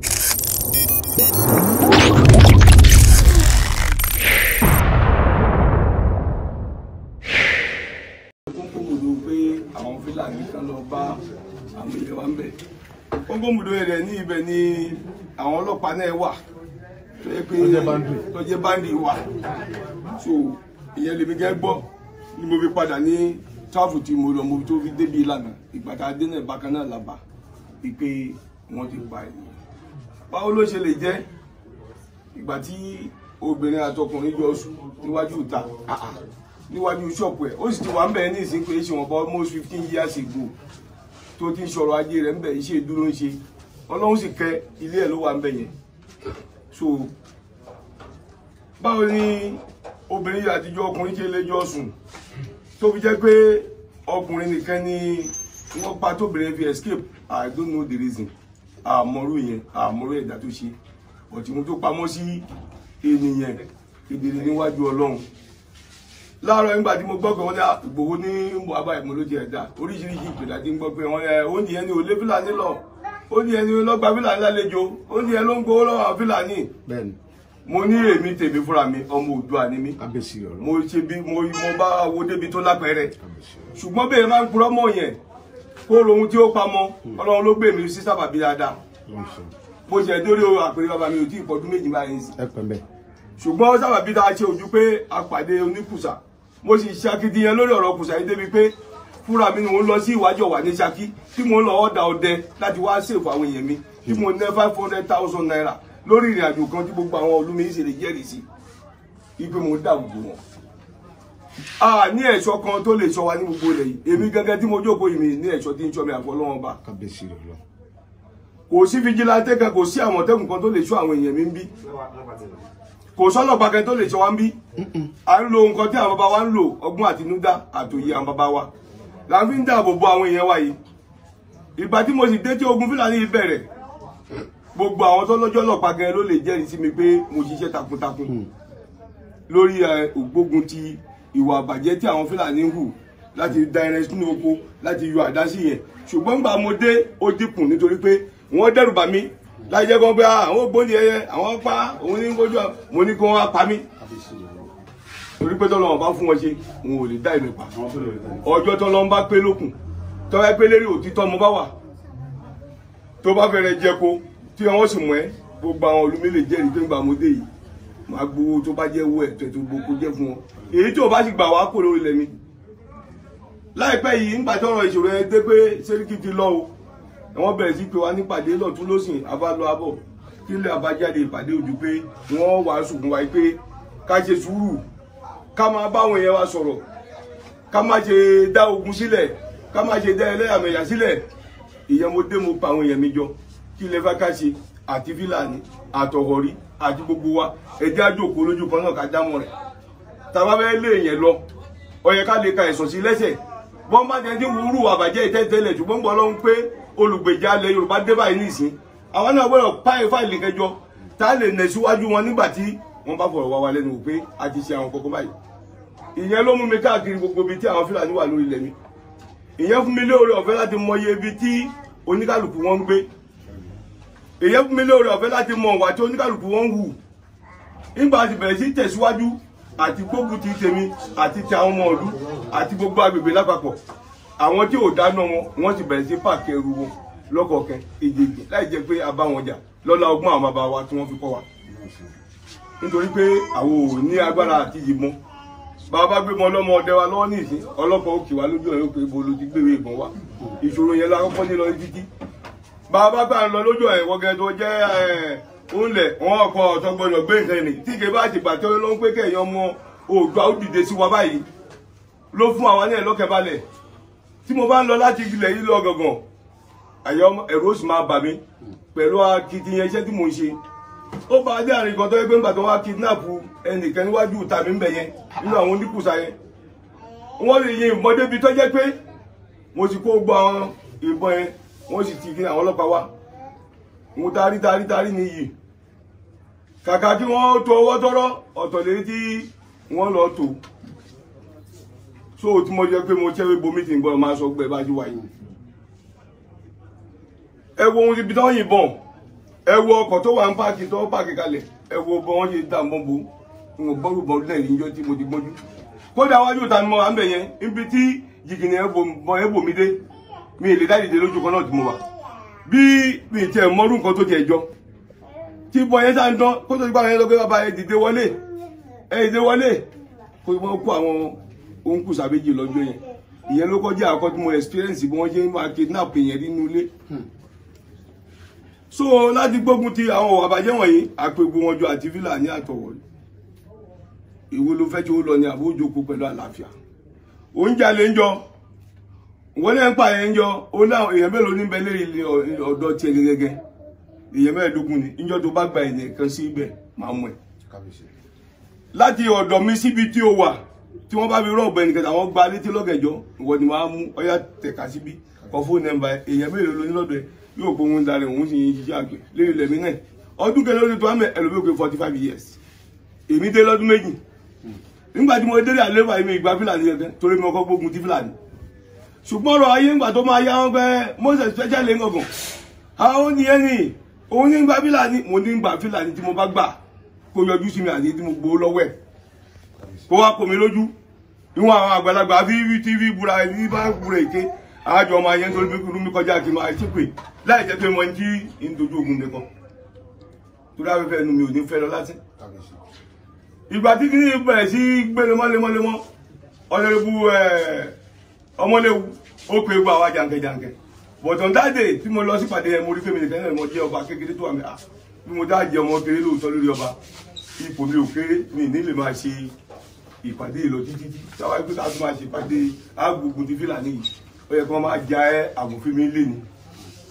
kókòmùdù pé àwọn fúlàní kan lọ bá àwọn ilé wa ń bẹ̀ kókòmùdù rẹ̀ ní ibẹ̀ ni àwọn ọlọ́pàá náà wà tó yẹ pé tó jẹ́ báńdì wà so ìyẹn lèmi gẹ́ gbọ́ ni mo fi padà ní táàfù tí mo lọ mo tó fi débi ìlànà ìgbà tá a dé náà làbà pé wọ́n ti pa ènìyàn báwo ló ṣe lè jẹ́ ìgbà tí obìnrin àtọkùnrin jọ níwájú ìta níwájú ṣọ́ọ̀pù ẹ̀ ó sì ti wà ń bẹ̀rẹ̀ ní ìsìn pé ṣe wọ́n bá almost fifteen years ago tó ti ń sọ̀rọ̀ ajé rẹ̀ ń bẹ̀ iṣẹ́ dúró ń ṣe ọlọ́run sì kẹ́ ilé ẹ̀ ló wà ń bẹ̀ yẹn so báwo ni obìnrin àtijọ́ ọkùnrin ṣe lè jọ sùn tó fi jẹ́ pé ọkùnrin nìkan ni wọ́n pa tóbìnrin fi escape I don't know the reason àmọ́rò yẹn àmọ́rò ẹ̀dá tó ṣe ọ̀tí wọn tó pamọ́ sí ènìyàn kedere níwájú ọlọ́run láàárọ̀ nígbà tí mo gbọ́ pé wọ́n ní Ìgbòho ní àbá ìmọ̀lódì ẹ̀dá oríṣiríṣi ìpìlẹ̀ àti gbọ́ pé wọ́n ẹ̀ ó ní ẹni ò lé fúlàní lọ ó ní ẹni lọ́gba fúlàní lálejò ó ní ẹni ló ń gbowó lọ́wọ́ fúlàní mo ní èmi tèmi fúnra mi ọmọ Oòduà ni mí mo ṣe bí mo bá wo débi tó lápẹẹrẹ ṣùgbọ́n bẹ́ẹ̀ máa ń purọ́ mọ́ yẹn kó lohun tí ó pamọ́ ọlọ́run ló gbè mí sí sábàbí dáadáa bó ṣe dórí àpèrè bàbá mi ò tí ì pọ̀dún méjì báyìí sí. ṣùgbọ́n sábàbí tá a ṣe ojú pé a pàdé oníkùsà mo sì ṣàkitiyan lórí ọ̀rọ̀ kùsà yìí débi pé fúnra mi ni mo ń lọ sí ìwájú ọ̀wà ní Ṣakí tí mo ń lọ ọ̀dà ọdẹ láti wá ṣèfò àwọn èèyàn mi tí mo ná five hundred thousand naira lórí ìrìn kan tí gbogbo àwọn olúmi ìṣèlè jẹ́rìí sí i pé mo dàgbò wọn. Ah, ní ẹ̀ṣọ́ kan tó lè ṣọ́ wa ní gbogbo ilẹ̀ yìí èmi gẹ́gẹ́ tí mo jókòó yìí mi ní ẹ̀ṣọ́ tí ń ṣọ́ mi àfọlọ́wọ́n bá. kábíyèsí rẹ lọ. kò sí fijilantẹ kan kò sí àmọ̀tẹ́kùn kan tó lè ṣọ́ àwọn èèyàn mi ń bí kò sọ́lọ́pàá kan tó lè ṣọ́ wa ń bí à ń lo nǹkan tí àwọn bàbá wa ń lò ọgbọ́n àtinúdá àtòyí àwọn bàbá wa la fi ń dáàbò bo àwọn èèyàn wa yìí ìgbà tí mo sì dé tí ogun Fúlàní yìí bẹ̀rẹ̀ gbogbo àwọn tó ọlọ́pàá gan ló lè jẹ́rìí sí mi pé mo ṣiṣẹ́ takuntakun mm. lórí ògbógun ti ìwà àbàjẹ́ tí àwọn Fúlàní ń hù láti da ẹran sínú oko láti yọ àdá sí yẹn ṣùgbọ́n gbà mo dé ó dínkù nítorí pé wọ́n dẹ́rù bà mí láì jẹ́ kan pé ah, àwọn ògbóni ẹyẹ àwọn pa òun ní kojú mo ní kí wọ́n pa mí torí pé tọ́lọ́wọ́n bá fún wọn ṣe wọn ò lè dá ìlú pa ọjọ́ tọ́lọ́wọ́n bá pé lókun tọ́wọ́ pé lérí òtítọ́ mo bá wà tó bá fẹ́rẹ̀ jẹ́ tí wọ́n sì mọ̀ ẹ́ gbogbo àwọn olùmílẹ̀ jẹ́rìí pé ń gbà mo dé yìí máa gbowó tó bá jẹ́ owó ẹ̀ tẹ̀tù gbogbo jẹ́ fún ọ èyí tó bá sì gbà wá kò lórí lẹ́mi láìpẹ́ yìí nígbà tọrọ ìṣòro ẹ dé pé Sẹ́ríkì ti lọ o wọ́n bẹ̀rẹ̀ sí pé wá nípàdé lọ́tún lọ́sìn abálọ abọ̀ kílẹ̀ àbájáde ìpàdé ojú pé wọ́n wàásù fún wa pé ká ṣe sùúrù ká máa báwọn yẹn wa sọ̀rọ̀ ká má ṣe dá ogun sílẹ̀ ká má ṣe dá ẹlẹ́yàmẹ̀yà sílẹ̀ ìyẹn mo de mo pa àwọn èèyàn mi jọ kí lè fẹ́ ká ṣe àti fílàní àtọ̀họ̀rí àti gbogbo wa ẹjẹ́ àjòkó lójú kan náà ká jámọ̀ rẹ̀ tàbá fẹ́ lé yẹn lọ ó yẹ ká lè ka ẹ̀sọ̀ sí lẹ́sẹ̀ bọ́n bá jẹ́ tí wúrú àbàjẹ́ ìtẹ́tẹ́lẹ̀ ṣùgbọ́n gbọ́ lọ́hún pé olùgbèjà alẹ́ Yorùbá dé báyìí nìsín àwọn náà gbọ́dọ̀ páyé fáìlì kẹjọ tá a lè nẹ̀ síwájú wọn nígbà tí wọ́n bá fọ̀rọ̀ wá wa lẹ́nu pé a ti ṣe àwọn kọ̀ọ̀kan báyìí ìyẹn ló mú mi káàkiri gbogbo ibi tí àwọn Fúlàní wà lórí ilẹ̀ mi ìyẹn fún mi lóore ọ̀fẹ́ láti mọyé ibi tí oníkálukú wọn ń gbé èyẹ fún mi lóore ọ̀fẹ́ láti mọ ìwà tí oníkàlùkù wọn ń hù nígbà tí bẹ̀rẹ̀ sí tẹ̀síwájú àti gbógun ti tèmi àti ti àwọn ọmọ ìlú àti gbogbo agbègbè lápapọ̀ àwọn tí ò dáná wọn wọ́n ti bẹ̀rẹ̀ sí páàkì ẹrù wọn lọ́kọ̀ọ̀kan èjèèjì láì jẹ́ pé a bá wọn jà lọ́lá ọgbọ́n àwọn bàbá wa tí wọ́n fi kọ́ wa nítorí pé àwọn ò ní agbára àti ìbọn bàbá gbé mọ lọmọ ọdẹ wa lọ́wọ́ ní ìsín ọlọ́pàá òkè wa lójú ẹ ó pé ibo ló ti gbé ìbọn wa ìṣòro yẹn la kọ́kọ́ ní lọ títí bàbá bá ń lọ lójú ẹ̀wọ̀n gẹ́gẹ́ tó jẹ́ ńlẹ̀ wọn ọkọ̀ ọ̀tọ̀ gbọdọ̀ gbé nǹkan ni tí kì bá ti gbà tó ló ń pé kẹ̀yìn ọmọ òògbà ó dìde sí wa báyìí ló fún àwọn náà lọ́kẹ̀balẹ̀ tí mo bá ń lọ láti ilẹ̀ yìí lọ gàngàn àyọ ẹ̀rọ sì máa bà mí pẹ̀lú akitiyan iṣẹ́ tí mo ń ṣe ó bá dé àrùn ìkọ̀tọ́ ẹgbẹ́ ńgbà tó wá kidnap ẹnìkan níwájú tàbí ń bẹ̀ yẹn nínú àwọn oníkùsà yẹn wọ́n lè yin ìbọn tó jẹ́ pé mo sì kó gbọ́ àwọn ìbọn yẹn wọ́n sì ti kí àwọn ọlọ́pàá wá mo tarí tarí tarí nìyí kàkà tí wọ́n tó ọwọ́ tọ́rọ́ ọ̀tọ̀ lérí tí wọ́n lọ tò so tí mo jẹ́ pé mo tẹ́wé bomi tí n gbọ́dọ̀ máa sọ pé bájú wáyé ẹ wo ohun ibi tó yìnbọn ẹ wo ọkọ̀ tó wà ń páàkì tó páàkì kalẹ̀ ẹ wo bọ́ wọ́n ṣe dá mọ́ bo n ò bọ́rù bọ́rù náà tí mo ti gbọ́njú kódà wájú ta ni mo wà ń bẹ̀ yẹn tí jìgìnì ẹ bò mí dé mi ì lè dá dìde lójú kan náà tí mo wà bí mi ì tiẹ̀ mọ́rú nǹkan tó tiẹ̀ jọ tí bọ́ yẹn sá ń dán kó tó ti gbàgbọ́ yẹn lọ pé bàbá ẹ dìde wọlé ẹ dìde wọlé kó wọ́n kó àwọn ohun kù sàbẹ́jì lọ́jọ́ yẹn ìyẹn ló kọjá àkọ́ tí mo experience bí wọ́n ṣe ń máa kidnap èèyàn nínú ilé hmm. so láti gbógun ti àwọn ọ̀wà àbàjẹ́ wọ̀nyí àpègbè wọn jọ àti fílà ní àtọ̀wọ̀ ìwo ló fẹ́ tí ó lọ ní àbójókòó pẹ̀lú àlàáfíà oúnjẹ àlejò wọ́n ní ẹ̀pà yẹn yọ ó láwọn èèyàn mélòó ní bẹ́lẹ̀ ilé ọ̀dọ́ tiẹ̀ gẹ́gẹ́gẹ́ èèyàn mẹ́ẹ̀ẹ́dógún ni níjọ́ tó bá gba ẹ̀yìn kan sí ibẹ̀ máa mú ẹ̀. láti ọ̀dọ̀ mi síbi tí o wà tí wọ́n bá fi rọ̀bù ẹnìkan àwọn gba létí lọ́gẹ̀jọ́ ìwọ ni wàá mú ọyá tẹ̀ka síbí kọ fóònù nọ́mbà èèyàn mélòó ló ní lọ́dọ̀ ẹ̀ yóò pé òun darí òun sì ń ṣiṣẹ́ àgbẹ̀ lérí lẹ̀mí náà ọdún kẹlẹ́ ló ní tó àmì ẹlòmíì pé forty five years èmi dé lọ́dún méjì hmm. nígbà tí mo dé àlébà mi ìgbà fúlàní yẹn torí mi ọkọ̀ gbógun ti fúlàní ṣùgbọ́n ọ̀rọ̀ ayé ńgbà tó máa yá wọn pẹ́ Moses fẹ́jẹ́ lé ngọ̀gàn àwọn ní ẹni òun ní gba fílàní mo ní gba fílàní tí mo bá gbà kó yọjú sí mi àti tí mo gbowó lọ́wọ́ ẹ̀ kó wá kò mí lójú níwọ̀n àwọn àgbàlagbà fífi tv búra ẹni bá búra èké àjọ máa yẹn torí pípẹ́ rúmi kọjá kí n máa ṣépè láì jẹ́ pé mo ń jí ìdójú ogun nìkan torí afẹ́fẹ́ ẹnu mi ò ní fẹ́ lọ láti ìgbà tí kìíní bẹ̀rẹ̀ sí gbé lemọ́lemọ́lemọ́ ọ̀nà ìbú eh, ọmọléwu ó pe gbogbo àwa jàǹkẹjàǹkẹ bọ̀tọ̀ dáde tí mo lọ sípàdé ẹ̀ mo rí fẹ́mi nìkan náà mo jẹ́ ọba kékeré tó àmì à ah, bí mo dáàjẹ́ ọmọ kéré lóòótọ́ lórí ọba ipò mi ò kéré mi ní lè máa ṣe ìpàdé ìlọ títí tí táwa ikú tá a tún máa ṣe ìpàdé agbègbè ti fìlàní yìí ó yẹ kí wọ́n máa ja ẹ́ àgùnfin mi lé ni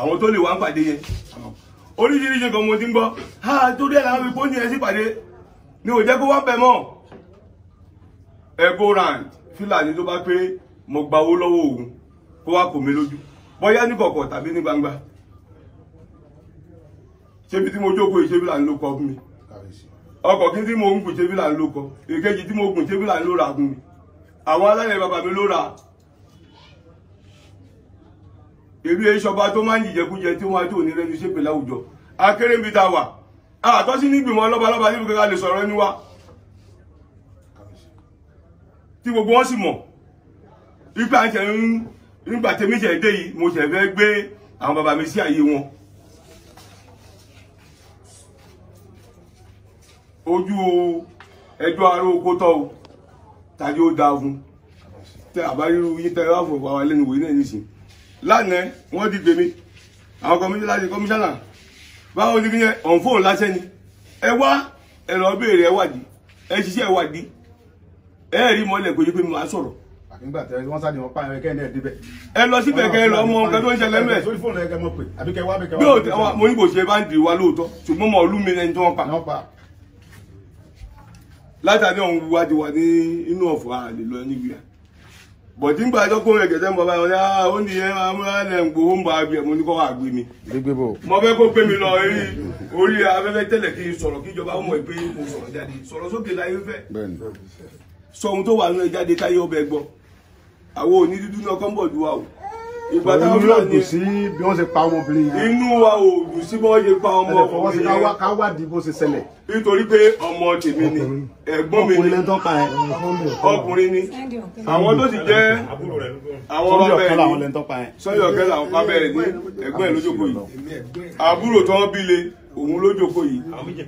àwọn tó lè wá ń pàdé yẹn oríṣiríṣi kan mo ti ń gbọ́ ha torí ẹ̀ làwọn ìbò ní ẹ sí pàdé ni ò jẹ́ kó wá bẹ̀ mọ́ ẹ go round fìlàní tó bá pé mo gba owó lọ́wọ́ òun kó wá kò mí lójú bóyá ní kọ̀kọ̀ tàbí ní gbangba ṣébi tí mo jókòó yìí ṣébi là ń lókọ fún mi ọkọ̀ kí tí mo ń gùn ṣébi là ń lókọ èkejì tí mo gùn ṣébi là ń lóra fún mi àwọn aláìlẹ̀ bàbá mi ló ra èmi ìṣọba tó máa ń jìjẹkújẹ tí wọ́n á tó ní rẹ́nu ṣépè láwùjọ akérèmí ta wà àtọ́sí nígbìmọ̀ lọ́balọ́ba nílùú kẹ́kẹ́ lè sọ̀rọ̀ ẹni wa tí gbogbo wọn sì mọ̀ nígbà tẹ ń nígbà tẹ méjì dé yìí mo ṣẹ̀ fẹ́ gbé àwọn bàbá mi sí àyè wọn. ojú ẹjọ́ aró oko tọ́ o tàbí ó da ogun tẹ àbáríru yín tẹ wá fòfò àwọn ẹlẹ́nu wòye náà nìsín lánàá wọ́n dìgbè mi àwọn kọmíṣánná báwo ni kí yẹn ọ̀nfóòn lásẹ̀ ni ẹ wá ẹ̀rọ béèrè ẹwàdí ẹ ṣiṣẹ́ ẹwàdí ẹ rí mọ́lẹ̀ kò yí máa sọ̀rọ̀ nígbà tẹ wọn sáré wọn pààyàn kẹ́hìn náà débẹ̀. ẹ lọ síbẹ̀ kẹ́ ẹ lọ mọ nǹkan tó ń ṣẹlẹ̀ mẹ́. sórí fóònù rẹ kẹ́ mọ̀ pé àbí kẹ́ wá bí kẹ́ wá. bí o ti àwọn mo yìnbó ṣe bá ń di wa lóòótọ́ ṣùgbọ́n mo lú ẹni tí wọ́n pa. látàrí òun wá ti wà ní inú ọ̀fọ̀ àlè lọ níbi à. bọ̀dí ńgbà ẹjọ́ kó rẹ̀gẹ̀dẹ̀ mọ̀ báyọ̀ ní ah, ó ní ẹ máa mú sọ ohun tó wà nínú ẹ táyé ọbẹ̀ gbọ́ àwọn òní dúdú náà kọ́ ń bọ̀ dùn wa o ìgbà táwọn náà ní bí wọ́n ṣe pa ọmọbìnrin yẹn inú wa ò dùn sí bí wọ́n ṣe pa ọmọbìnrin yẹn ká wádìí bó ṣe ṣẹlẹ̀ nítorí pé ọmọ tèmi ni ẹ̀gbọ́n mi ni ọkùnrin ni àwọn tó sì jẹ́ àwọn bàbá ẹ̀ ní sọ́yọ̀ kẹ́lá àwọn bàbá ẹ̀ ní ẹ̀gbọ́n ẹ̀ lójókòó yìí àbúrò tó bí le òun lójókòó yìí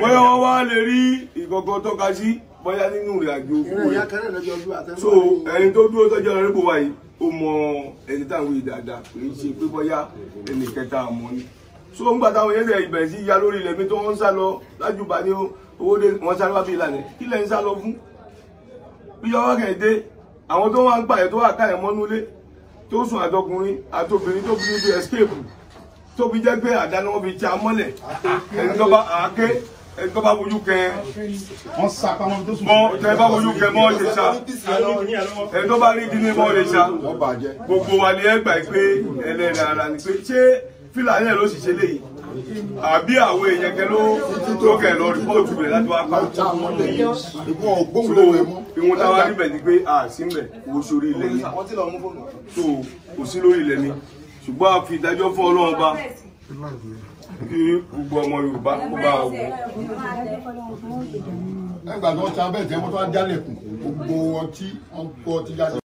wọ́n yẹ wọ́n wá lè rí ìkọ̀kọ̀ tọ́ka sí bóyá nínú ìrìn àjò òfurufú so ẹni tó dúró tọ́jú ọ̀rẹ́ bò wáyé ó mọ ẹni táwọn èdè àdá kì í ṣe pé bóyá ẹni kẹta àmọ́ ni so ń gbà táwọn yẹn ìbẹ̀rẹ̀ sí ya lórí ilẹ̀ mi tó wọ́n ń sá lọ lájùbá ní owó dé wọ́n sáré wá bí ìlànà kí lẹ́ ń sá lọ fún bí ọwọ́ kẹ̀ dé àwọn tó wá ń gbà ẹ̀ tó wà ká ẹ̀ mọ́nú ilé tó sùn àtọkùnrin àtobìnrin tó fi ní escape tó fi jẹ́ pé àdáná wọn fi ti amọ́lẹ̀ ẹni tó bá àáké ẹni tó bá wojú kẹ wọn sá pamọ́ tó sùn. wọn tẹ bá wojú kẹ mọ lè sa ẹni bá rí igi ní mọ lè gbogbo wa ni ẹ gbà pé ẹlẹ́rìí ara ni pé ṣé fúlàní ẹ ló sì léyìí àbí àwọn èèyàn kẹ ló tó kẹ lọ rìpọ́ọ̀tù rẹ̀ láti wá pa. ìwọ̀n táwa níbẹ̀ ni pé a sì ń bẹ̀ wo ilẹ̀ ni kò sí lórí ilẹ̀ ni ṣùgbọ́n a fi ìdájọ́ fún ọlọ́run bá kí gbogbo ọmọ Yorùbá kó bá wò. ẹgbàá tó ń ta abẹ́ ìtẹ́wọ́ tó ń gbogbo ọtí ọtí jáde.